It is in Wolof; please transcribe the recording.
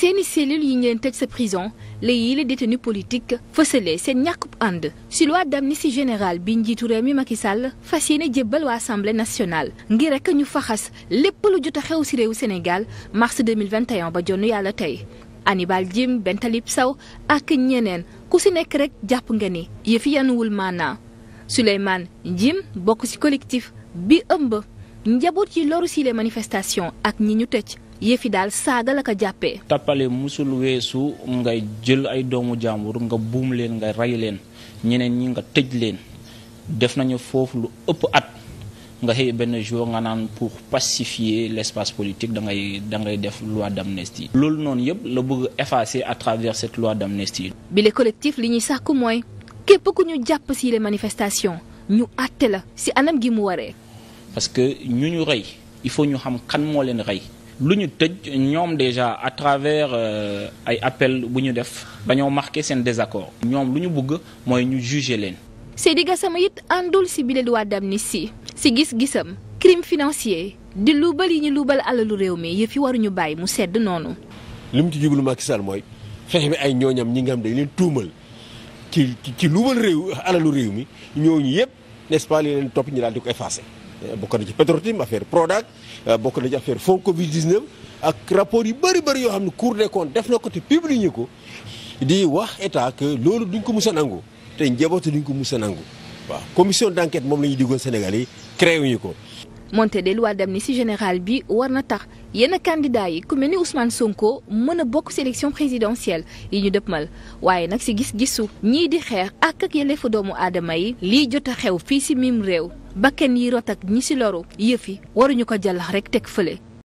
seeni cellule yi ñu leen tëj sa prison la yi la détenu politique fësale seen ñàkkub ànd si loi d'amnistie général bi njiitu réew mi Macky Sall fas yéene jébbal waa assemblée nationale ngir rek ñu faxas lépp lu jot a xew si réewu Sénégal mars 2021 ba jonn yàlla tey Hannibal Djim Bentalib saw ak ñeneen ku si nekk rek jàpp nga ni yëfi yanuwul maanaa Souleymane jim bokk si collectif bi ëmb njaboot yi loru si les manifestations ak ñi ñu tëj yëf yi daal saaga la ko jàppee. tappale musul weesu ngay jël ay doomu jàmbur nga buum leen nga rey leen ñeneen ñi nga tëj leen def nañu foofu lu ëpp at nga xëy benn jour nga naan pour pacifier l'espace politique da ngay da ngay def loi d'amnistie. loolu noonu yëpp la bëgg effacer à travers cette loi d'amnistie. bile collectif li ñuy sàkku mooy képp ku ñu jàpp si les manifestations ñu àtte la si anam gi mu waree. parce que ñu ñu rey il faut ñu xam kan moo leen rey. lu ñu tëj ñoom déjà à travers euh, ay appel bu ñu def dañoo marqué seen désaccord ñoom lu ñu bugg mooy ñu juger leen. Seydi sama it àndul si bile loi d'amnistie si si gis-gisam crime financier di luubal yi ñu luubal alalu réew mi yëf yi waruñu bàyyi mu sedd noonu. li mu ci jublu Macky Sall mooy feexe bi ay ñooñam ñi nga xam dañ leen tuumal ci ci luubal réew alalu réew mi ñooñu yëpp n'est-ce pas li leen topp ñu daal di ko effacer. Euh, bokk na ci Petrotim affaire Prodac euh, bokk na ci affaire fond Covid 19 ak rapport yu bëri bëri yoo xam ne Cour des comptes def na ko te publié ko di wax état que loolu duñ ko mus a nangu te njabootu duñ ko mus a nangu waaw commission d' enquête moom la ñu diggoon Sénégal yi créé wuñu ko. moonte de ni si général bi war na tax. yenn candidat yi ku mel ni Ousmane Sonko mën a bokk ci élection présidentielle yi ñu mal waaye nag ci gis-gisu ñii di xeex ak ak yelleefu doomu aadama yi lii jot a xew fii ci mim réew bakken yi rot ak ñi ci loro yëf yi waruñu ko jàllax rekk teg fële.